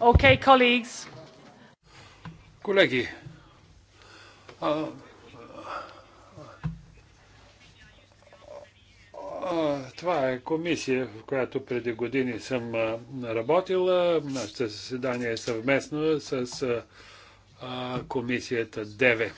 Okay, colleagues. Колеги, а, а, това е комисия, в която преди години съм работила. Нашето заседание е съвместно с а, комисията ДЕВЕ.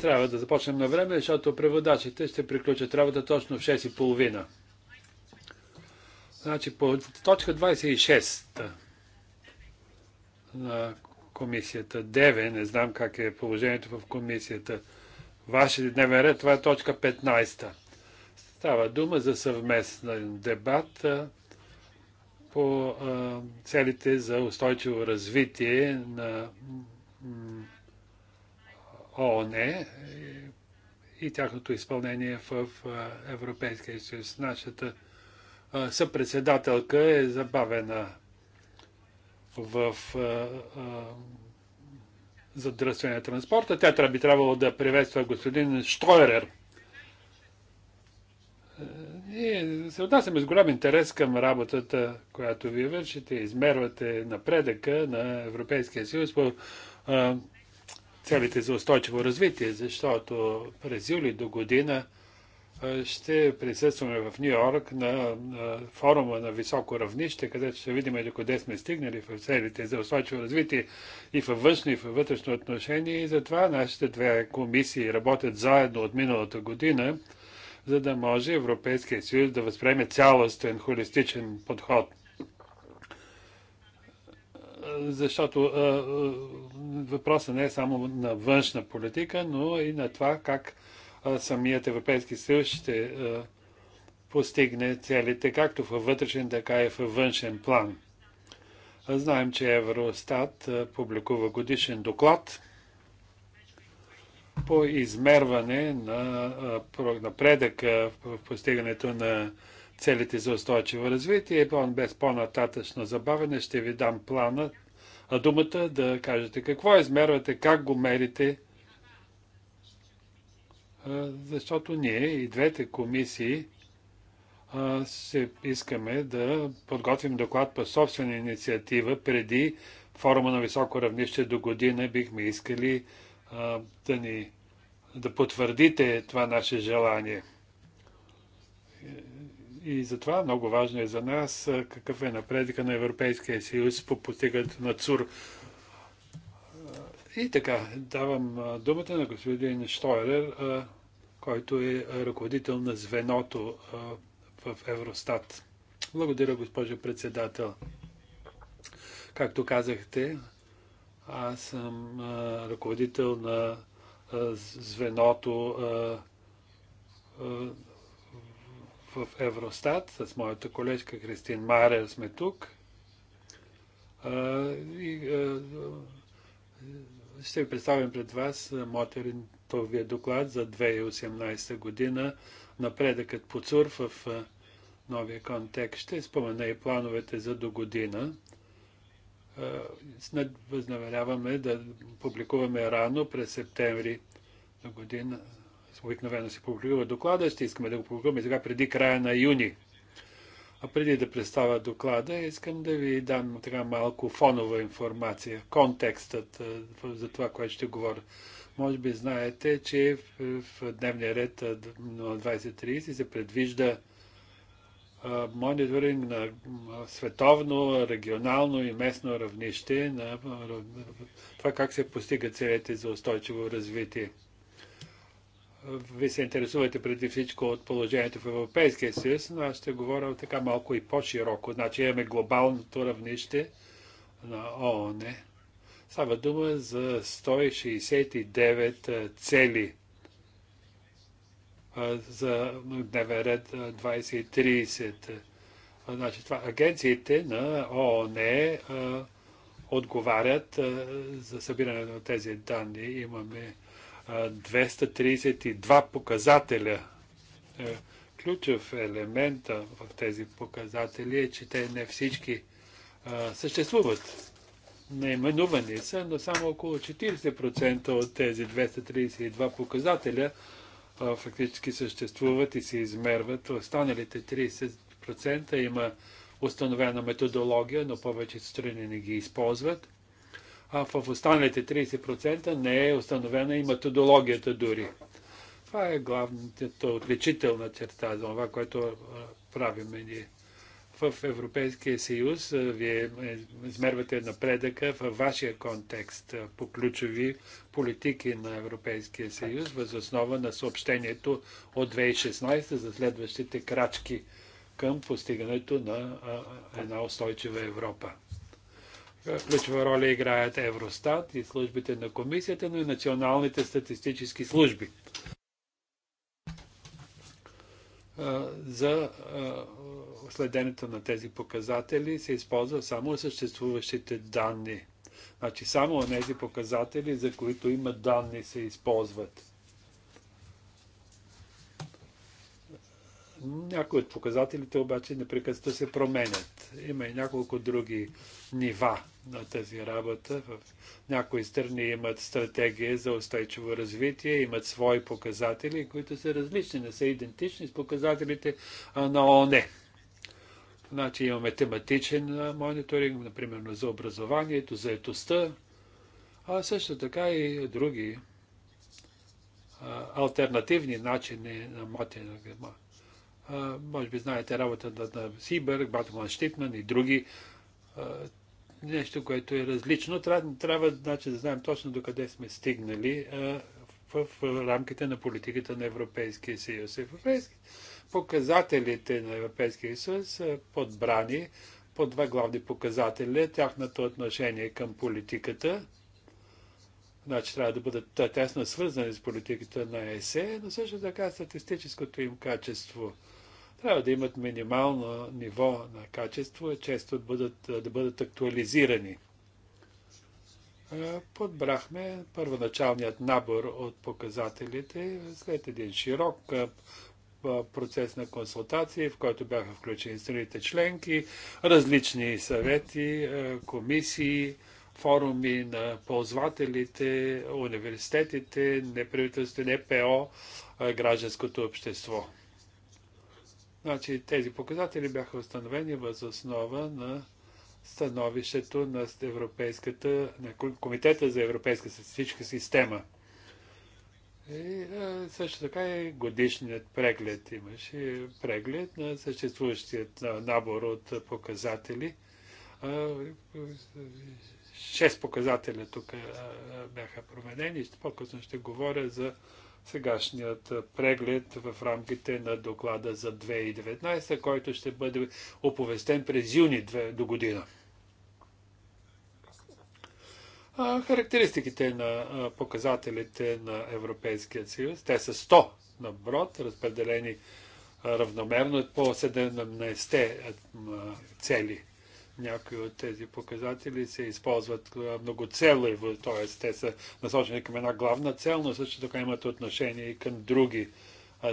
Трябва да започнем на време, защото преводачите ще приключат работа точно в половина. Значи по точка 26 на комисията 9, не знам как е положението в комисията. Вашия дневен ред, това е точка 15. Става дума за съвместен дебат по целите за устойчиво развитие на ООН е, и тяхното изпълнение е в Европейския съюз. Нашата съпредседателка е забавена в задръстване на транспорта. Тя би трябвало да приветства господин Штойрер. Е, ние се отнасяме с голям интерес към работата, която вие вършите. Измервате напредъка на Европейския съюз по целите за устойчиво развитие, защото през юли до година ще присъстваме в Нью Йорк на, на форума на високо равнище, където ще видим до къде сме стигнали в целите за устойчиво развитие и във външно, и във вътрешно отношение. И затова нашите две комисии работят заедно от миналата година, за да може Европейския съюз да възприеме цялостен холистичен подход защото въпросът не е само на външна политика, но и на това как самият Европейски съюз ще постигне целите, както във вътрешен, така и във външен план. Знаем, че Евростат публикува годишен доклад по измерване на напредък в постигането на целите за устойчиво развитие. Без по-нататъчно забавене ще ви дам плана, а думата да кажете какво измервате, как го мерите, защото ние и двете комисии се искаме да подготвим доклад по собствена инициатива преди форума на високо равнище до година. Бихме искали да ни да потвърдите това наше желание и затова много важно е за нас какъв е напредъка на Европейския съюз по постигането на ЦУР. И така, давам думата на господин Штойлер, който е ръководител на звеното в Евростат. Благодаря, госпожо председател. Както казахте, аз съм ръководител на звеното в Евростат с моята колежка Кристин Марер сме тук. И ще ви представим пред вас мотеринтовия доклад за 2018 година напредъкът по ЦУР в новия контекст. Ще спомена и плановете за до година. Възнамеряваме да публикуваме рано през септември на година обикновено се публикува доклада, ще искаме да го публикуваме сега преди края на юни. А преди да представя доклада, искам да ви дам така малко фонова информация, контекстът е, за това, което ще говоря. Може би знаете, че в дневния ред е, на 2030 се предвижда е, мониторинг на световно, регионално и местно равнище на това как се постигат целите за устойчиво развитие ви се интересувате преди всичко от положението в Европейския съюз, но аз ще говоря така малко и по-широко. Значи имаме глобалното равнище на ООН. Става дума за 169 цели за дневен ред 2030. Значи, това, агенциите на ООН отговарят за събиране на тези данни. Имаме 232 показателя. Е, ключов елемент в тези показатели е, че те не всички съществуват. Наименувани са, но само около 40% от тези 232 показателя фактически съществуват и се измерват. Останалите 30% има установена методология, но повечето страни не ги използват а в останалите 30% не е установена и методологията дори. Това е главната отличителна черта за това, което правиме ние. В Европейския съюз вие измервате напредъка в вашия контекст по ключови политики на Европейския съюз, възоснова на съобщението от 2016 за следващите крачки към постигането на една устойчива Европа ключова роля играят Евростат и службите на комисията, но и националните статистически служби. За следенето на тези показатели се използва само съществуващите данни. Значи само тези показатели, за които има данни, се използват. Някои от показателите обаче непрекъснато се променят. Има и няколко други нива на тази работа. В някои страни имат стратегия за устойчиво развитие, имат свои показатели, които са различни, не са идентични с показателите на ООН. Значи имаме тематичен мониторинг, например за образованието, за етостта, а също така и други а, альтернативни начини на може би знаете работата на Сибър, Батман Штипман и други. Нещо, което е различно. Трябва, трябва значи, да знаем точно до къде сме стигнали в рамките на политиката на Европейския съюз. Европейски... Показателите на Европейския съюз са подбрани по два главни показателя. Тяхното отношение към политиката, значи трябва да бъдат е тесно свързани с политиката на ЕСЕ, но също така статистическото им качество – трябва да имат минимално ниво на качество и често да бъдат, да бъдат актуализирани. Подбрахме първоначалният набор от показателите след един широк процес на консултации, в който бяха включени страните членки, различни съвети, комисии, форуми на ползвателите, университетите, неправителството, НПО, гражданското общество. Значи тези показатели бяха установени въз основа на становището на Европейската, на Комитета за Европейска статистическа система. И също така и годишният преглед имаше преглед на съществуващият набор от показатели. Шест показателя тук бяха променени. По-късно ще говоря за сегашният преглед в рамките на доклада за 2019, който ще бъде оповестен през юни до година. Характеристиките на показателите на Европейския съюз, те са 100 на брод, разпределени равномерно по 17 цели някои от тези показатели се използват многоцелно, т.е. те са насочени към една главна цел, но също така имат отношение и към други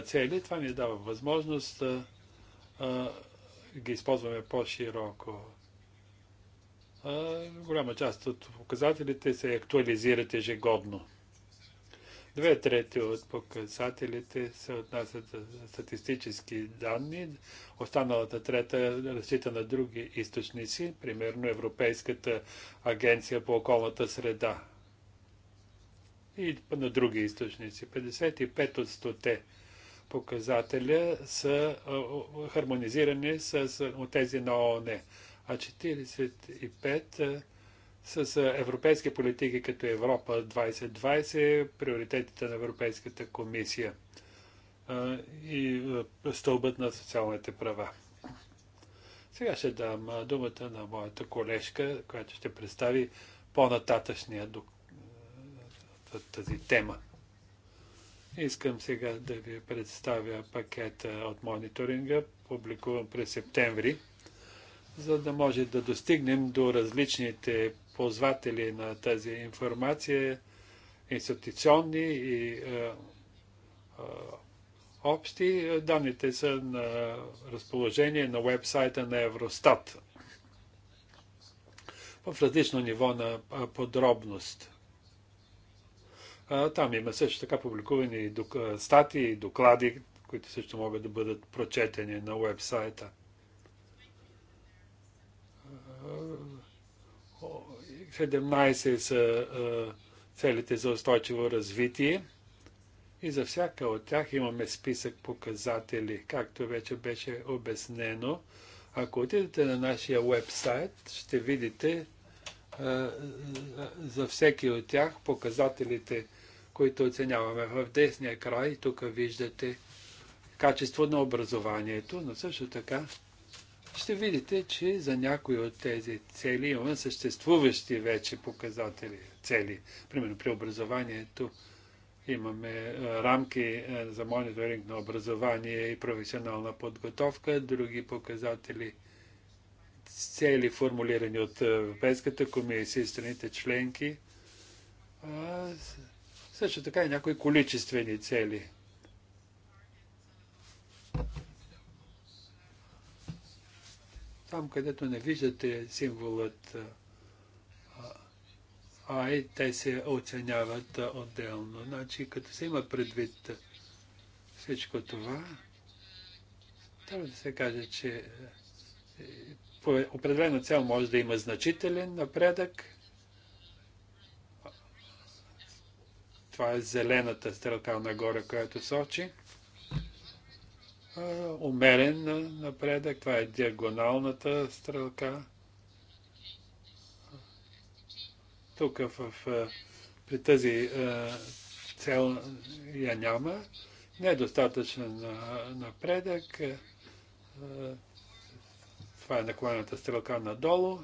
цели. Това ни дава възможност да ги използваме по-широко. Голяма част от показателите се актуализират ежегодно. Две трети от показателите се отнасят за статистически данни, останалата трета разчита на други източници, примерно Европейската агенция по околната среда и на други източници. 55 от 100 показателя са хармонизирани с тези на ООН, а 45 с европейски политики като Европа 2020, приоритетите на Европейската комисия и стълбът на социалните права. Сега ще дам думата на моята колежка, която ще представи по-нататъчния тази тема. Искам сега да ви представя пакета от мониторинга, публикуван през септември, за да може да достигнем до различните ползватели на тази информация, институционни и е, е, общи. Данните са на разположение на вебсайта на Евростат в различно ниво на е, подробност. Е, там има също така публикувани е, статии и доклади, които също могат да бъдат прочетени на вебсайта. 17 са целите за устойчиво развитие и за всяка от тях имаме списък показатели, както вече беше обяснено. Ако отидете на нашия вебсайт, ще видите за всеки от тях показателите, които оценяваме в десния край. Тук виждате качество на образованието, но също така ще видите, че за някои от тези цели имаме съществуващи вече показатели, цели. Примерно при образованието имаме рамки за мониторинг на образование и професионална подготовка, други показатели цели, формулирани от Европейската комисия и страните членки. също така и някои количествени цели – там, където не виждате символът ай, те се оценяват отделно. Значи, като се има предвид всичко това, трябва да се каже, че е, по определено цел може да има значителен напредък. Това е зелената стрелка нагоре, която сочи умерен напредък. Това е диагоналната стрелка. Тук в, при тази е, цел я няма. Недостатъчен е е, напредък. Това е наклонената стрелка надолу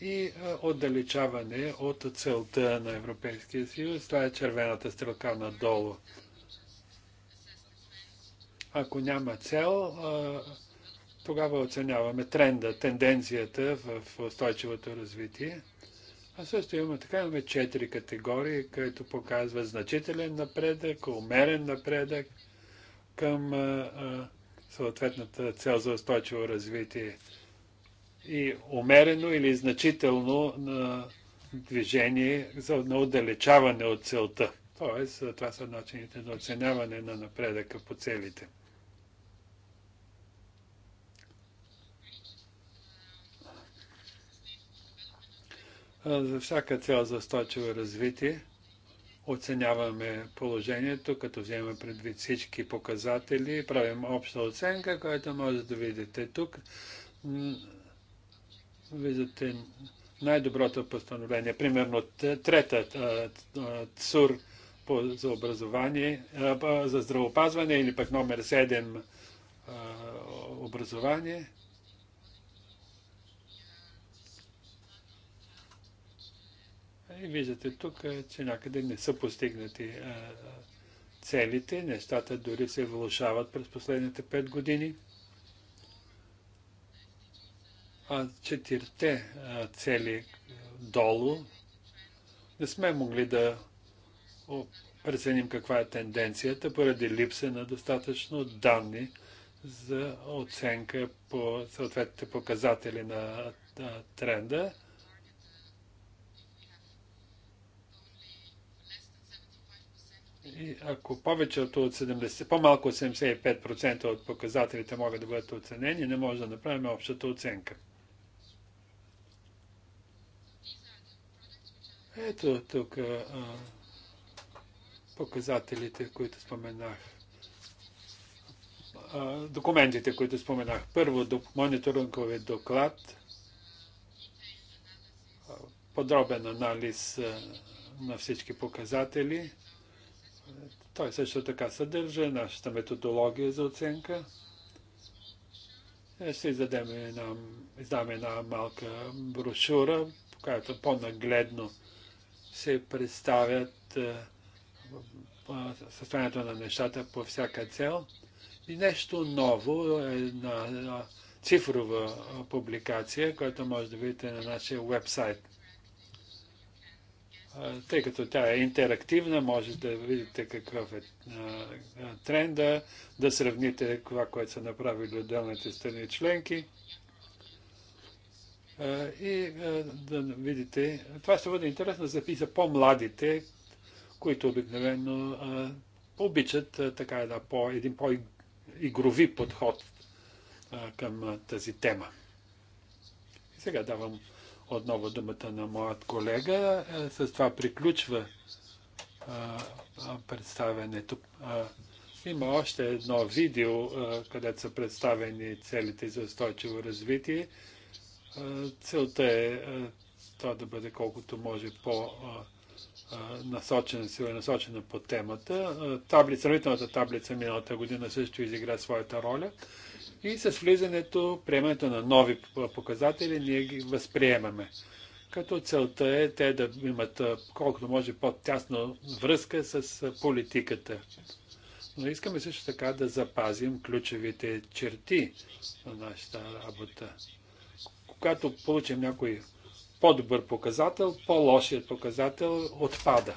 и отдалечаване от целта на Европейския съюз. Това е червената стрелка надолу. Ако няма цел, тогава оценяваме тренда, тенденцията в устойчивото развитие. А също имаме така, имаме четири категории, които показват значителен напредък, умерен напредък към съответната цел за устойчиво развитие. И умерено или значително на движение за, на отдалечаване от целта. Тоест, това са начините на оценяване на напредъка по целите. За всяка цел за устойчиво развитие оценяваме положението, като вземем предвид всички показатели и правим обща оценка, която може да видите тук. Виждате най-доброто постановление, примерно трета ЦУР за образование, за здравопазване или пък номер 7 образование – И виждате тук, е, че някъде не са постигнати е, целите, нещата дори се влушават през последните 5 години. А четирте е, цели долу не сме могли да преценим каква е тенденцията поради липса на достатъчно данни за оценка по съответните показатели на тренда. И ако повечето от 70, по-малко от 75% от показателите могат да бъдат оценени, не може да направим общата оценка. Ето тук а, показателите, които споменах. А, документите, които споменах. Първо, мониторинговият доклад, подробен анализ а, на всички показатели. Той също така съдържа нашата методология за оценка. Е, ще издадем една, издаме една малка брошура, която по-нагледно се представят е, е, състоянието на нещата по всяка цел. И нещо ново, една цифрова публикация, която може да видите на нашия вебсайт тъй като тя е интерактивна, може да видите какъв е тренда, да сравните това, което са направили отделните страни членки и да видите. Това ще бъде интересно за, и за по-младите, които обикновено обичат така една, по, един по-игрови подход към тази тема. И сега давам отново думата на моят колега. Е, с това приключва представянето. представенето. има още едно видео, където са представени целите за устойчиво развитие. Целта е това да бъде колкото може по- насочена, насочена по темата. Таблица, сравнителната таблица миналата година също изигра своята роля. И с влизането, приемането на нови показатели, ние ги възприемаме. Като целта е те да имат колкото може по-тясна връзка с политиката. Но искаме също така да запазим ключовите черти на нашата работа. Когато получим някой по-добър показател, по-лошият показател отпада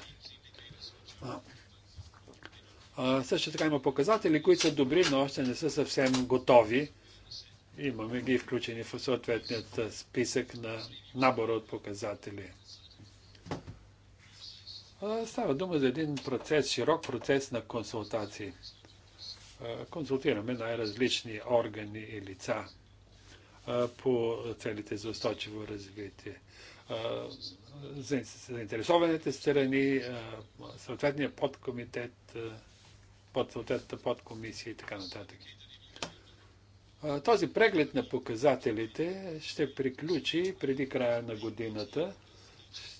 също така има показатели, които са добри, но още не са съвсем готови. Имаме ги включени в съответният списък на набора от показатели. става дума за един процес, широк процес на консултации. консултираме най-различни органи и лица по целите за устойчиво развитие. Заинтересованите страни, съответния подкомитет, под съответната подкомисия и така нататък. Този преглед на показателите ще приключи преди края на годината.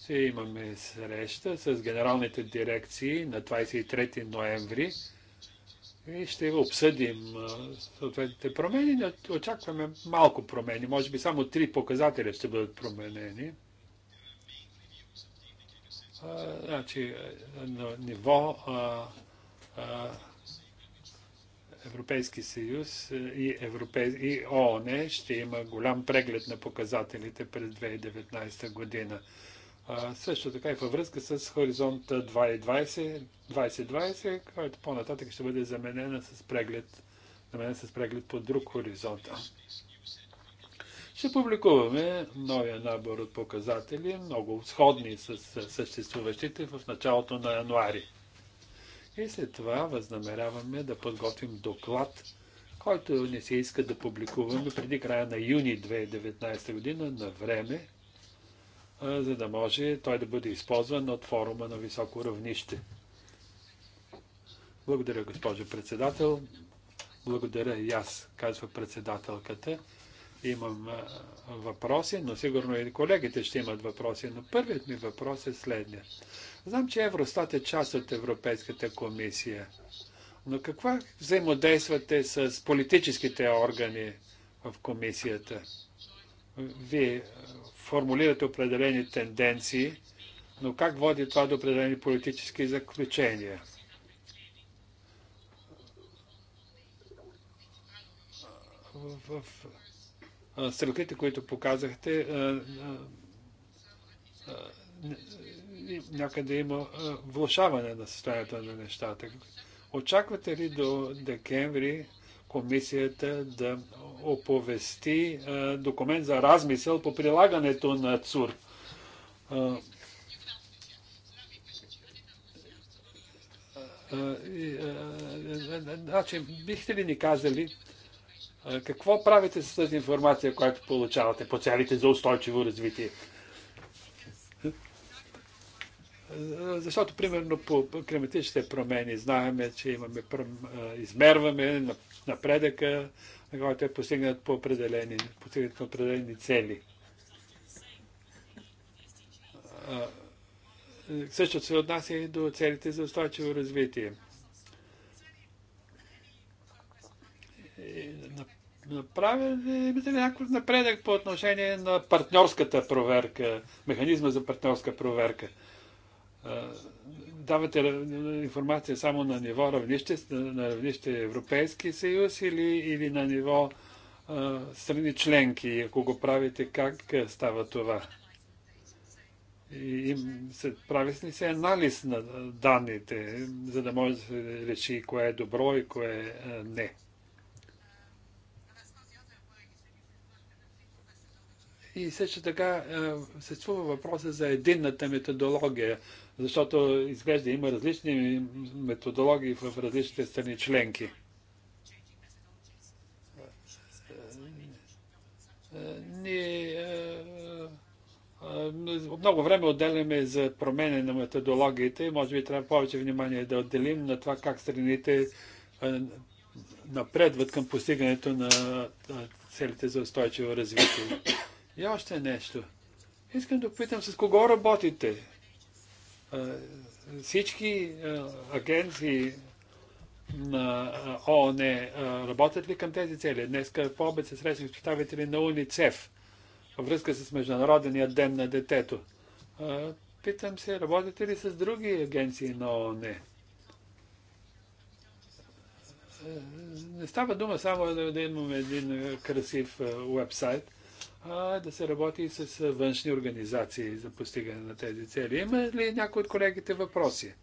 Ще имаме среща с генералните дирекции на 23 ноември и ще обсъдим съответните промени. Очакваме малко промени, може би само три показателя ще бъдат променени. А, значи, на ниво а, Европейски съюз и, Европей... и ООН ще има голям преглед на показателите през 2019 година. А, също така и във връзка с Хоризонт 2020, 2020 който по-нататък ще бъде заменена с преглед, заменен с преглед по друг хоризонт. Ще публикуваме новия набор от показатели, много сходни с съществуващите в началото на януари. И след това възнамеряваме да подготвим доклад, който не се иска да публикуваме преди края на юни 2019 година на време, за да може той да бъде използван от форума на високо равнище. Благодаря, госпожо председател. Благодаря и аз, казва председателката имам въпроси, но сигурно и колегите ще имат въпроси. Но първият ми въпрос е следният. Знам, че Евростат е част от Европейската комисия. Но каква взаимодействате с политическите органи в комисията? Вие формулирате определени тенденции, но как води това до определени политически заключения? В, в, стрелките, които показахте, някъде има влушаване на състоянието на нещата. Очаквате ли до декември комисията да оповести документ за размисъл по прилагането на ЦУР? Значи, бихте ли ни казали какво правите с тази информация, която получавате по целите за устойчиво развитие? Защото, примерно, по климатичните промени знаеме, че имаме, измерваме напредъка, който е постигнат по определени, постигнат по определени цели. Същото се отнася и до целите за устойчиво развитие. Е, направен ли някакъв напредък по отношение на партньорската проверка, механизма за партньорска проверка? Давате информация само на ниво равнище, на равнище Европейски съюз или, или на ниво а, страни членки? Ако го правите, как става това? И, се, прави ли се анализ на данните, за да може да се реши кое е добро и кое е не? И също така се чува въпроса за единната методология, защото изглежда има различни методологии в различните страни членки. Е, е, ние е, много време отделяме за промене на методологиите и може би трябва повече внимание да отделим на това как страните напредват към постигането на целите за устойчиво развитие. И още нещо. Искам да питам с кого работите. Всички агенции на ООН работят ли към тези цели? Днес по обед се срещнах с представители на УНИЦЕФ във връзка с Международния ден на детето. Питам се, работите ли с други агенции на ООН? Не става дума само да имаме един красив вебсайт – а, да се работи с външни организации за постигане на тези цели. Има ли някои от колегите въпроси?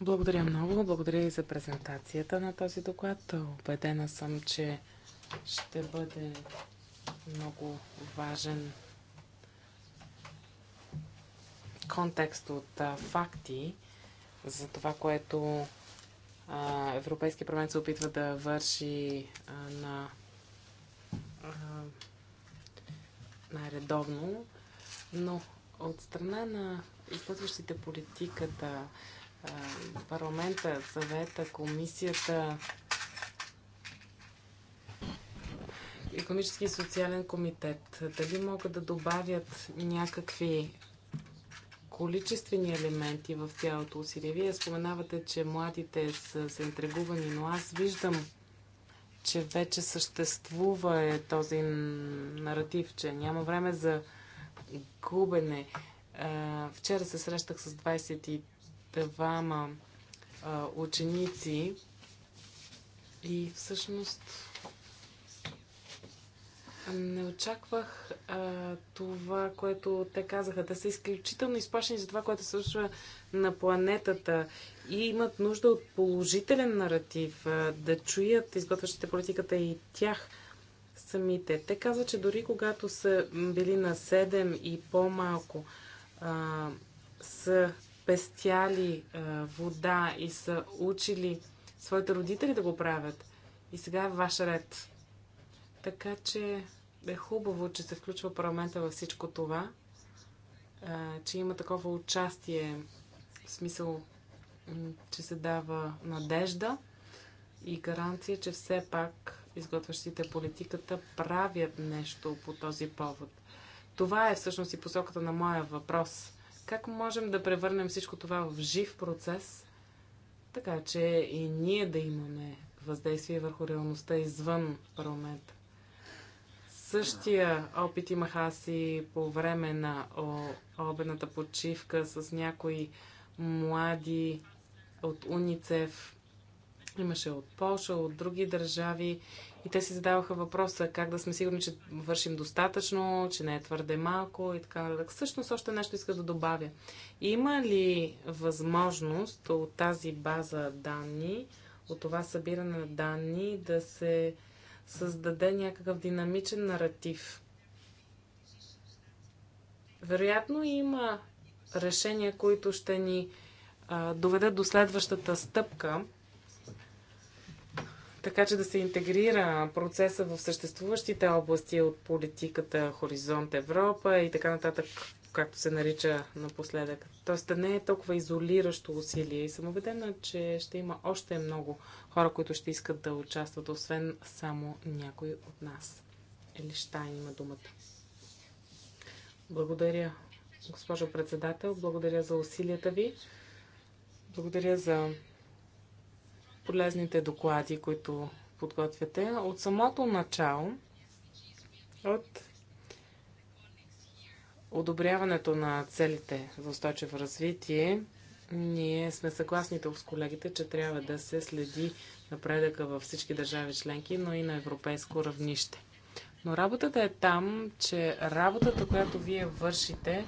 Благодаря много. Благодаря и за презентацията на този доклад. Обедена съм, че ще бъде много важен контекст от а, факти за това, което Европейския парламент се опитва да върши на най-редовно, но от страна на изпътващите политиката, парламента, съвета, комисията, економически и социален комитет, дали могат да добавят някакви количествени елементи в тялото усилие. Вие споменавате, че младите са заинтригувани, но аз виждам, че вече съществува е този наратив, че няма време за губене. Е, вчера се срещах с 22 е, ученици и всъщност не очаквах а, това, което те казаха. Те са изключително изплашени за това, което се случва на планетата и имат нужда от положителен наратив, а, да чуят изготвящите политиката и тях самите. Те казват, че дори когато са били на 7 и по-малко, са пестяли а, вода и са учили своите родители да го правят. И сега е ваш ред така че е хубаво, че се включва парламента във всичко това, че има такова участие, в смисъл, че се дава надежда и гаранция, че все пак изготвящите политиката правят нещо по този повод. Това е всъщност и посоката на моя въпрос. Как можем да превърнем всичко това в жив процес, така че и ние да имаме въздействие върху реалността извън парламента? Същия опит имах аз и по време на обедната почивка с някои млади от Уницев, Имаше от Польша, от други държави и те си задаваха въпроса как да сме сигурни, че вършим достатъчно, че не е твърде малко и така нататък. Същност още нещо иска да добавя. Има ли възможност от тази база данни, от това събиране на данни да се създаде някакъв динамичен наратив. Вероятно има решения, които ще ни а, доведат до следващата стъпка, така че да се интегрира процеса в съществуващите области от политиката Хоризонт Европа и така нататък, както се нарича напоследък. Тоест да не е толкова изолиращо усилие. И съм убедена, че ще има още много хора, които ще искат да участват, освен само някой от нас. Штайн има думата. Благодаря, госпожо председател. Благодаря за усилията ви. Благодаря за полезните доклади, които подготвяте. От самото начало, от одобряването на целите за устойчиво развитие, ние сме съгласни с колегите, че трябва да се следи напредъка във всички държави членки, но и на европейско равнище. Но работата е там, че работата, която вие вършите,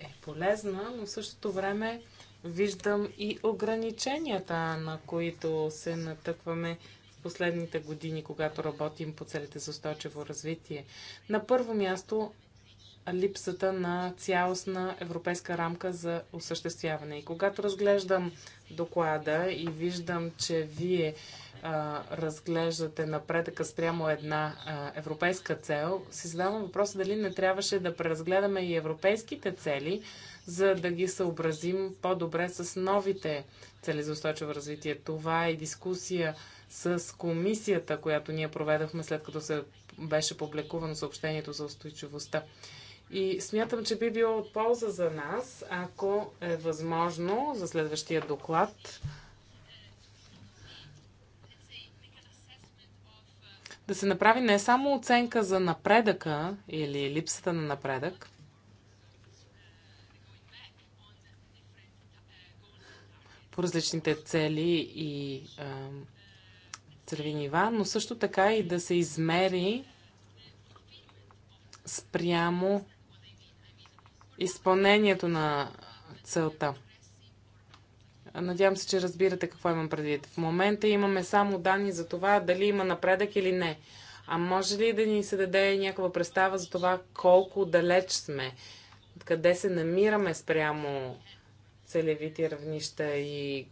е полезна, но в същото време виждам и ограниченията, на които се натъкваме в последните години, когато работим по целите за устойчиво развитие. На първо място липсата на цялостна европейска рамка за осъществяване. И когато разглеждам доклада и виждам, че вие а, разглеждате напредъка спрямо една а, европейска цел, си задавам въпроса дали не трябваше да преразгледаме и европейските цели, за да ги съобразим по-добре с новите цели за устойчиво развитие. Това е дискусия с комисията, която ние проведахме след като се беше публикувано съобщението за устойчивостта. И смятам, че би било от полза за нас, ако е възможно за следващия доклад да се направи не само оценка за напредъка или липсата на напредък, по различните цели и а, целеви нива, но също така и да се измери спрямо изпълнението на целта. Надявам се, че разбирате какво имам предвид. В момента имаме само данни за това дали има напредък или не. А може ли да ни се даде някаква представа за това колко далеч сме, къде се намираме спрямо целевите равнища и,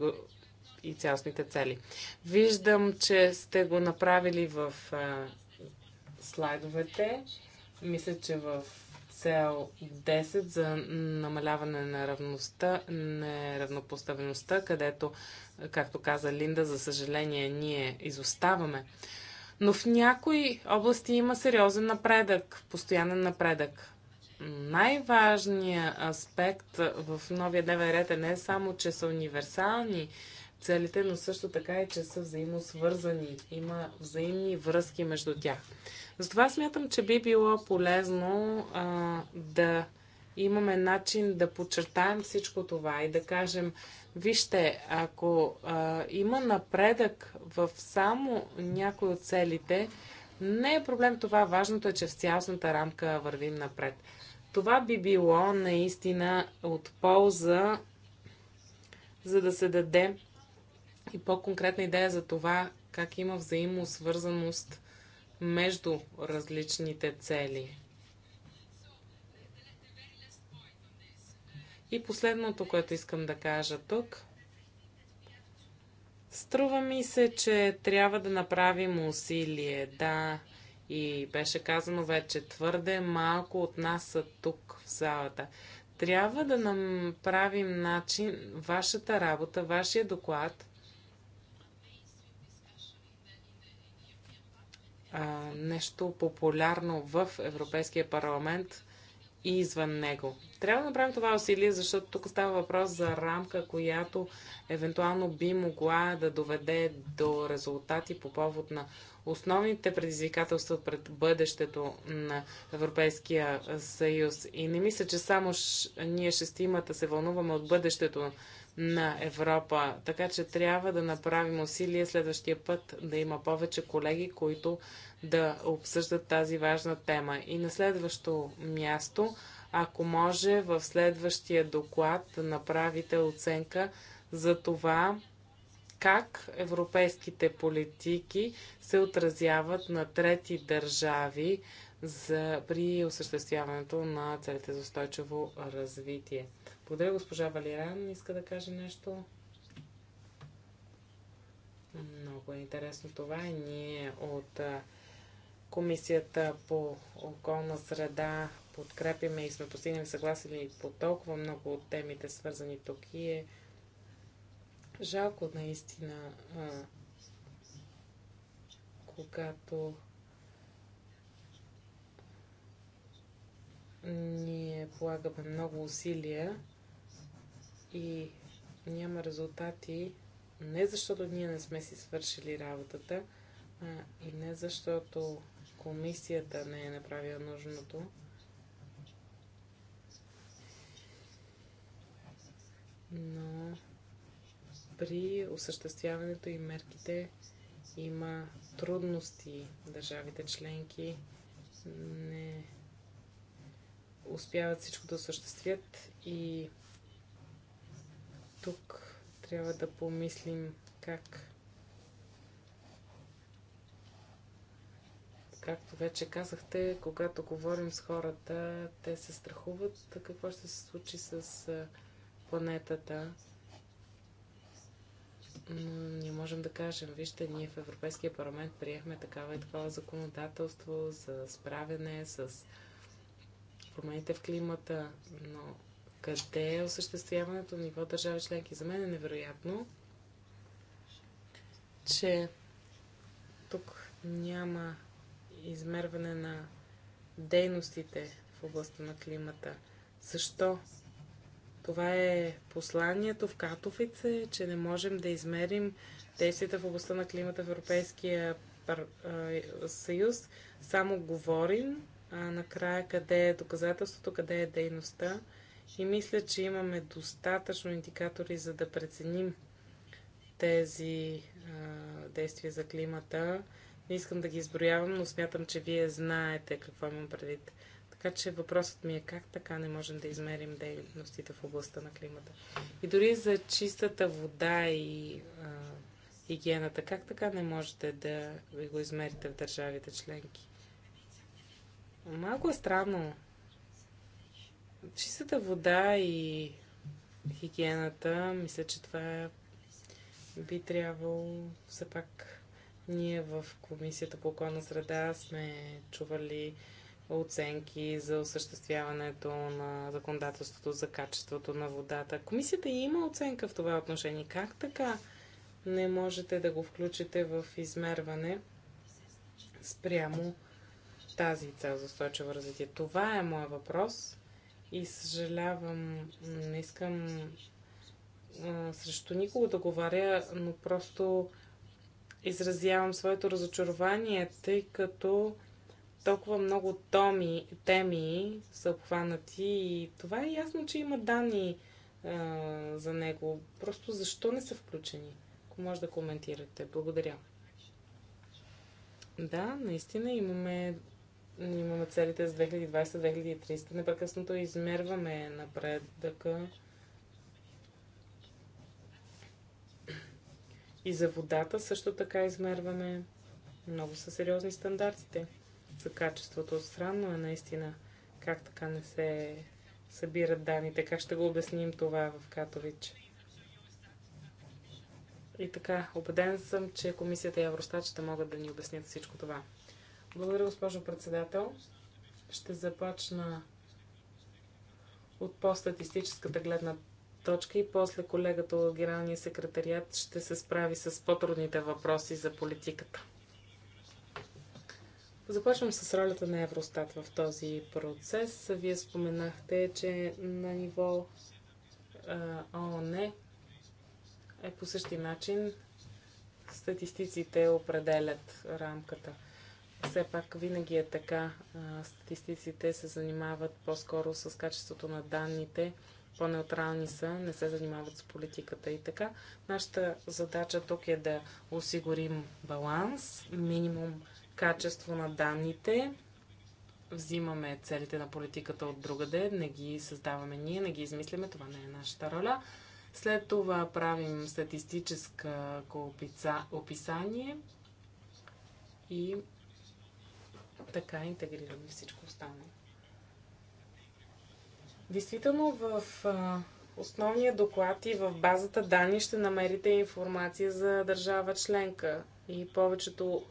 и цялостните цели? Виждам, че сте го направили в е, слайдовете. Мисля, че в цел 10 за намаляване на равността, неравнопоставеността, където, както каза Линда, за съжаление ние изоставаме. Но в някои области има сериозен напредък, постоянен напредък. Най-важният аспект в новия дневен ред е не само, че са универсални целите, но също така и че са взаимосвързани. Има взаимни връзки между тях. Затова смятам, че би било полезно а, да имаме начин да подчертаем всичко това и да кажем, вижте, ако а, има напредък в само някои от целите, не е проблем това. Важното е, че в цялостната рамка вървим напред. Това би било наистина от полза, за да се даде и по-конкретна идея за това как има взаимосвързаност между различните цели. И последното, което искам да кажа тук, струва ми се, че трябва да направим усилие, да, и беше казано вече, твърде малко от нас са тук в залата. Трябва да направим начин вашата работа, вашия доклад нещо популярно в Европейския парламент и извън него. Трябва да направим това усилие, защото тук става въпрос за рамка, която евентуално би могла да доведе до резултати по повод на основните предизвикателства пред бъдещето на Европейския съюз. И не мисля, че само ние шестимата се вълнуваме от бъдещето на Европа. Така че трябва да направим усилия следващия път да има повече колеги, които да обсъждат тази важна тема. И на следващо място, ако може в следващия доклад да направите оценка за това как европейските политики се отразяват на трети държави за, при осъществяването на целите за устойчиво развитие. Благодаря, госпожа Валиран, Иска да каже нещо. Много е интересно това. Ние от Комисията по околна среда подкрепяме и сме постигнали съгласие по толкова много от темите, свързани тук. И е жалко наистина, а, когато ние полагаме много усилия и няма резултати не защото ние не сме си свършили работата а и не защото комисията не е направила нужното. Но при осъществяването и мерките има трудности. Държавите членки не успяват всичко да осъществят и тук трябва да помислим как както вече казахте, когато говорим с хората, те се страхуват какво ще се случи с планетата. Но ние можем да кажем, вижте, ние в Европейския парламент приехме такава и такова законодателство за справяне с промените в климата, но къде е осъществяването на ниво държави членки. За мен е невероятно, че тук няма измерване на дейностите в областта на климата. Защо? Това е посланието в Катовице, че не можем да измерим действията в областта на климата в Европейския съюз. Само говорим, а накрая къде е доказателството, къде е дейността. И мисля, че имаме достатъчно индикатори, за да преценим тези а, действия за климата. Не искам да ги изброявам, но смятам, че вие знаете какво имам предвид. Така че въпросът ми е как така не можем да измерим дейностите в областта на климата. И дори за чистата вода и а, хигиената, как така не можете да ви го измерите в държавите членки? Малко е странно Чистата вода и хигиената, мисля, че това би трябвало все пак ние в Комисията по околна среда сме чували оценки за осъществяването на законодателството за качеството на водата. Комисията има оценка в това отношение. Как така не можете да го включите в измерване спрямо тази цел за устойчиво развитие? Това е моят въпрос и съжалявам, не искам а, срещу никого да говоря, но просто изразявам своето разочарование, тъй като толкова много томи, теми са обхванати и това е ясно, че има данни а, за него. Просто защо не са включени? Ако може да коментирате. Благодаря. Да, наистина имаме имаме целите за 2020-2030. Непрекъснато измерваме напредъка. И за водата също така измерваме. Много са сериозни стандартите за качеството. Странно е наистина как така не се събират данните. Как ще го обясним това в Катович? И така, убеден съм, че комисията и Евростат ще могат да ни обяснят всичко това. Благодаря, госпожо председател. Ще започна от по-статистическата гледна точка и после колегата от Генералния секретариат ще се справи с по-трудните въпроси за политиката. Започвам с ролята на Евростат в този процес. Вие споменахте, че на ниво ООН е по същия начин статистиците определят рамката все пак винаги е така. Статистиците се занимават по-скоро с качеството на данните, по-неутрални са, не се занимават с политиката и така. Нашата задача тук е да осигурим баланс, минимум качество на данните, взимаме целите на политиката от другаде, не ги създаваме ние, не ги измисляме, това не е нашата роля. След това правим статистическо описание и така интегрираме всичко останало. Действително в основния доклад и в базата данни ще намерите информация за държава членка. И повечето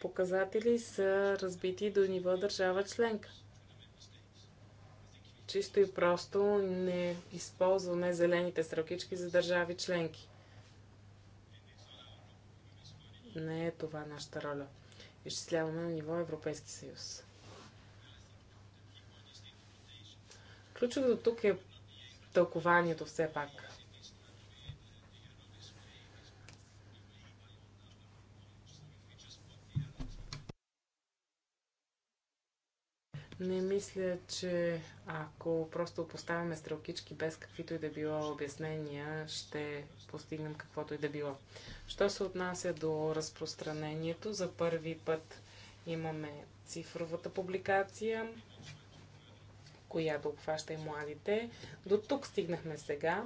показатели са разбити до ниво държава членка. Чисто и просто не използваме зелените стрелкички за държави членки. Не е това нашата роля изчисляваме на ниво Европейски съюз. Ключовото тук е тълкованието все пак. Не мисля, че ако просто поставяме стрелкички без каквито и да било обяснения, ще постигнем каквото и да било. Що се отнася до разпространението, за първи път имаме цифровата публикация, която обхваща и младите. До тук стигнахме сега.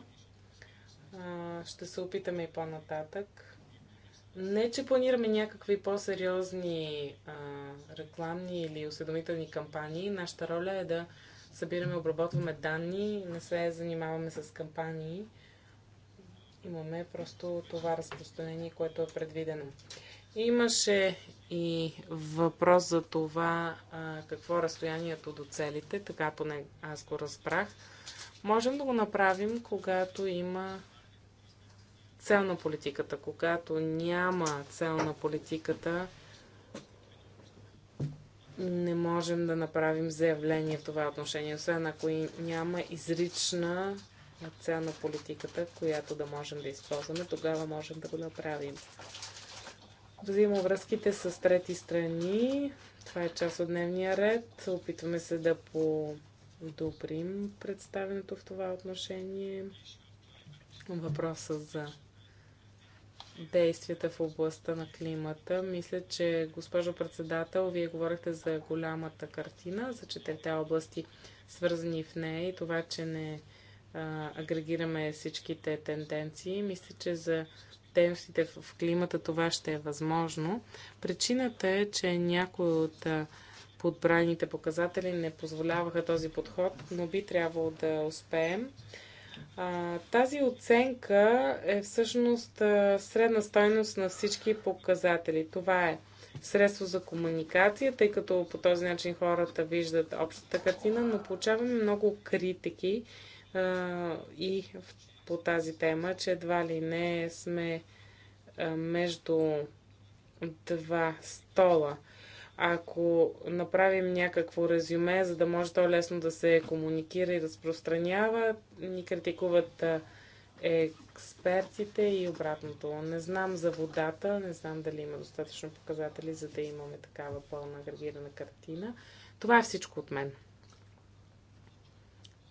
Ще се опитаме и по-нататък не, че планираме някакви по-сериозни рекламни или осведомителни кампании. Нашата роля е да събираме, обработваме данни, не се занимаваме с кампании. Имаме просто това разпространение, което е предвидено. Имаше и въпрос за това а, какво е разстоянието до целите, така поне аз го разбрах. Можем да го направим, когато има цел на политиката. Когато няма цел на политиката, не можем да направим заявление в това отношение, освен ако и няма изрична цел на политиката, която да можем да използваме, тогава можем да го направим. Взаимовръзките с трети страни, това е част от дневния ред. Опитваме се да подобрим представенето в това отношение. Въпросът за действията в областта на климата. Мисля, че, госпожо председател, вие говорихте за голямата картина, за четирите области, свързани в нея и това, че не а, агрегираме всичките тенденции. Мисля, че за дейностите в климата това ще е възможно. Причината е, че някои от подбраните показатели не позволяваха този подход, но би трябвало да успеем тази оценка е всъщност средна стойност на всички показатели. Това е средство за комуникация, тъй като по този начин хората виждат общата картина, но получаваме много критики а, и по тази тема, че едва ли не сме а, между два стола ако направим някакво резюме, за да може то лесно да се комуникира и разпространява, ни критикуват експертите и обратното. Не знам за водата, не знам дали има достатъчно показатели, за да имаме такава пълна агрегирана картина. Това е всичко от мен.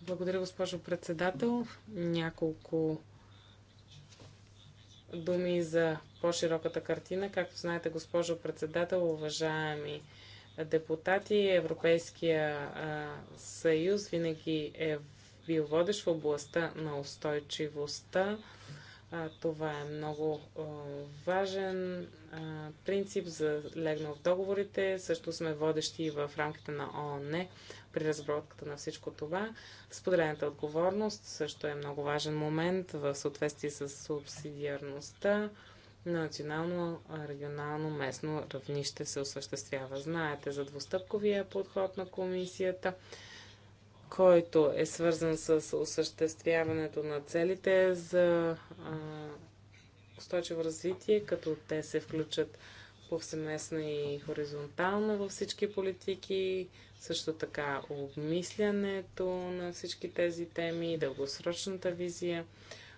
Благодаря, госпожо председател. Няколко думи за по-широката картина. Както знаете, госпожо председател, уважаеми депутати, Европейския а, съюз винаги е бил водещ в областта на устойчивостта а, това е много а, важен а, принцип, легнал в договорите. Също сме водещи в рамките на ООН при разработката на всичко това. Споделената отговорност също е много важен момент в съответствие с субсидиарността на национално, регионално, местно равнище се осъществява. Знаете за двустъпковия подход на комисията който е свързан с осъществяването на целите за устойчиво развитие, като те се включат повсеместно и хоризонтално във всички политики, също така обмислянето на всички тези теми, дългосрочната визия.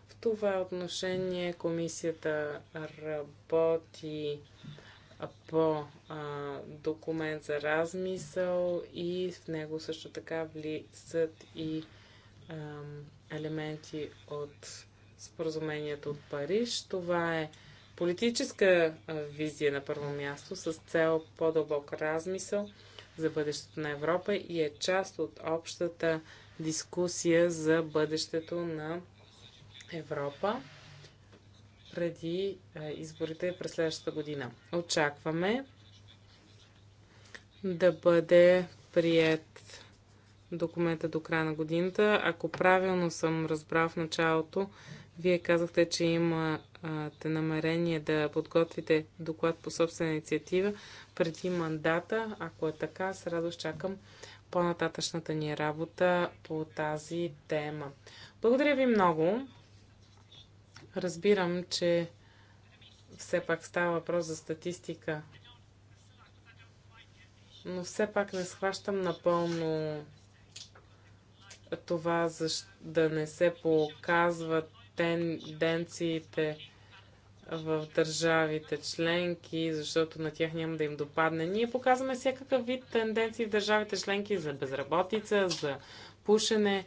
В това отношение комисията работи по а, документ за размисъл и в него също така влизат и а, елементи от споразумението от Париж. Това е политическа а, визия на първо място с цел по-дълбок размисъл за бъдещето на Европа и е част от общата дискусия за бъдещето на Европа преди е, изборите през следващата година. Очакваме да бъде прият документа до края на годината. Ако правилно съм разбрал в началото, вие казахте, че имате намерение да подготвите доклад по собствена инициатива преди мандата. Ако е така, с радост чакам по-нататъчната ни работа по тази тема. Благодаря ви много. Разбирам, че все пак става въпрос за статистика. Но все пак не схващам напълно това за да не се показват тенденциите в държавите членки, защото на тях няма да им допадне. Ние показваме всякакъв вид тенденции в държавите членки за безработица, за пушене.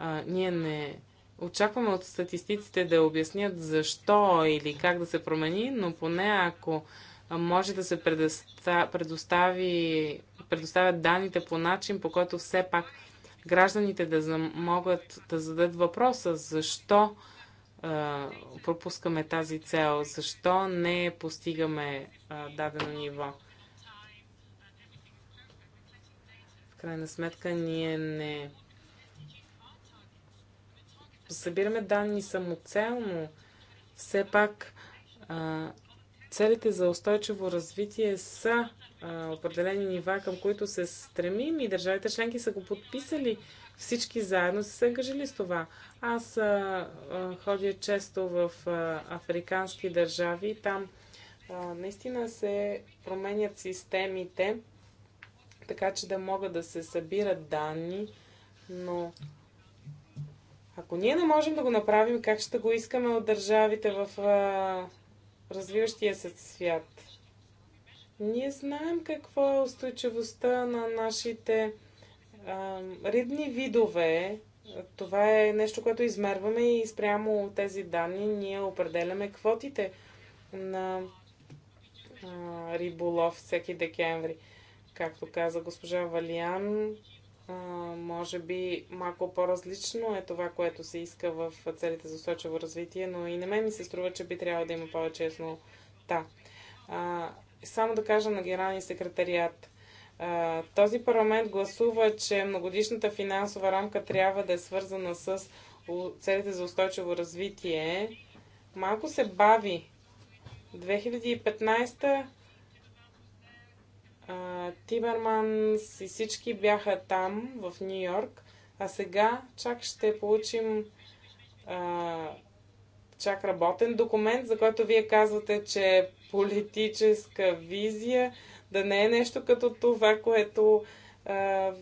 А, ние не очакваме от статистиците да обяснят защо или как да се промени, но поне ако може да се предостави, предоставят данните по начин, по който все пак гражданите да могат да зададат въпроса защо пропускаме тази цел, защо не постигаме дадено ниво. В крайна сметка ние не събираме данни самоцелно, все пак целите за устойчиво развитие са определени нива, към които се стремим и държавите членки са го подписали. Всички заедно са се ангажили с това. Аз а, ходя често в а, африкански държави там а, наистина се променят системите, така че да могат да се събират данни, но ако ние не можем да го направим, как ще го искаме от държавите в а, развиващия се свят? Ние знаем какво е устойчивостта на нашите а, рибни видове. Това е нещо, което измерваме и спрямо тези данни ние определяме квотите на а, риболов всеки декември. Както каза госпожа Валиан, може би малко по-различно е това, което се иска в целите за устойчиво развитие, но и на мен ми се струва, че би трябвало да има повече яснота. Да. Само да кажа на генералния секретариат. А, този парламент гласува, че многодишната финансова рамка трябва да е свързана с целите за устойчиво развитие. Малко се бави. 2015 Тиберманс и всички бяха там, в Нью Йорк, а сега чак ще получим а, чак работен документ, за който вие казвате, че е политическа визия, да не е нещо като това, което а,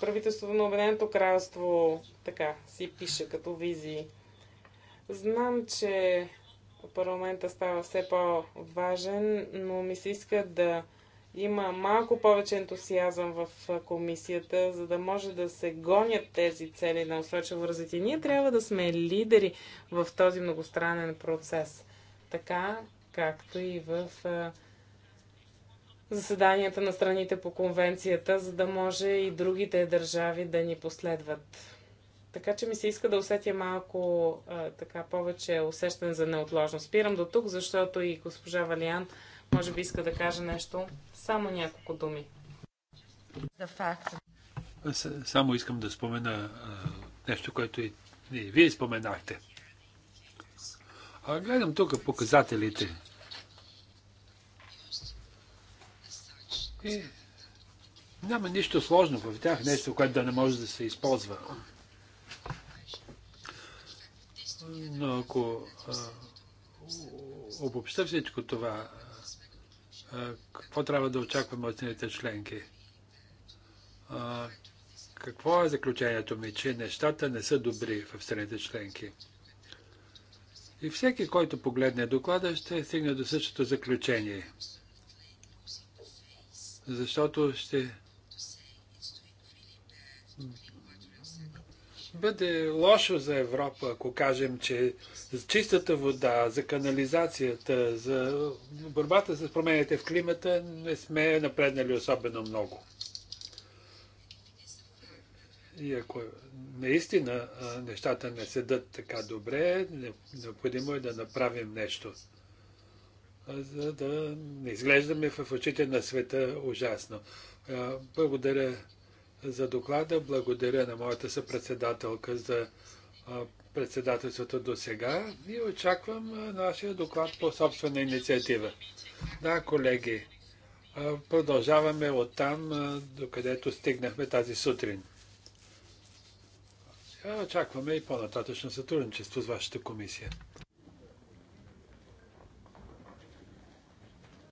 правителството на Обединеното кралство така си пише като визии. Знам, че парламента става все по-важен, но ми се иска да има малко повече ентусиазъм в комисията, за да може да се гонят тези цели на устойчиво развитие. Ние трябва да сме лидери в този многостранен процес. Така, както и в заседанията на страните по конвенцията, за да може и другите държави да ни последват. Така че ми се иска да усетя малко а, така повече усещане за неотложност. Спирам до тук, защото и госпожа Валиан може би иска да каже нещо. Само няколко думи. Е, само искам да спомена нещо, което и вие споменахте. А гледам тук показателите. И няма нищо сложно в тях, нещо, което да не може да се използва. Но ако а, обобща всичко това, какво трябва да очакваме от сините членки? Какво е заключението ми, че нещата не са добри в страните членки? И всеки, който погледне доклада, ще стигне до същото заключение. Защото ще бъде лошо за Европа, ако кажем, че за чистата вода, за канализацията, за борбата с промените в климата не сме напреднали особено много. И ако наистина нещата не седат така добре, необходимо е да направим нещо, за да не изглеждаме в очите на света ужасно. Благодаря за доклада, благодаря на моята съпредседателка за председателството до сега и очаквам нашия доклад по собствена инициатива. Да, колеги, продължаваме от там, докъдето стигнахме тази сутрин. Очакваме и по-нататъчно сътрудничество с вашата комисия.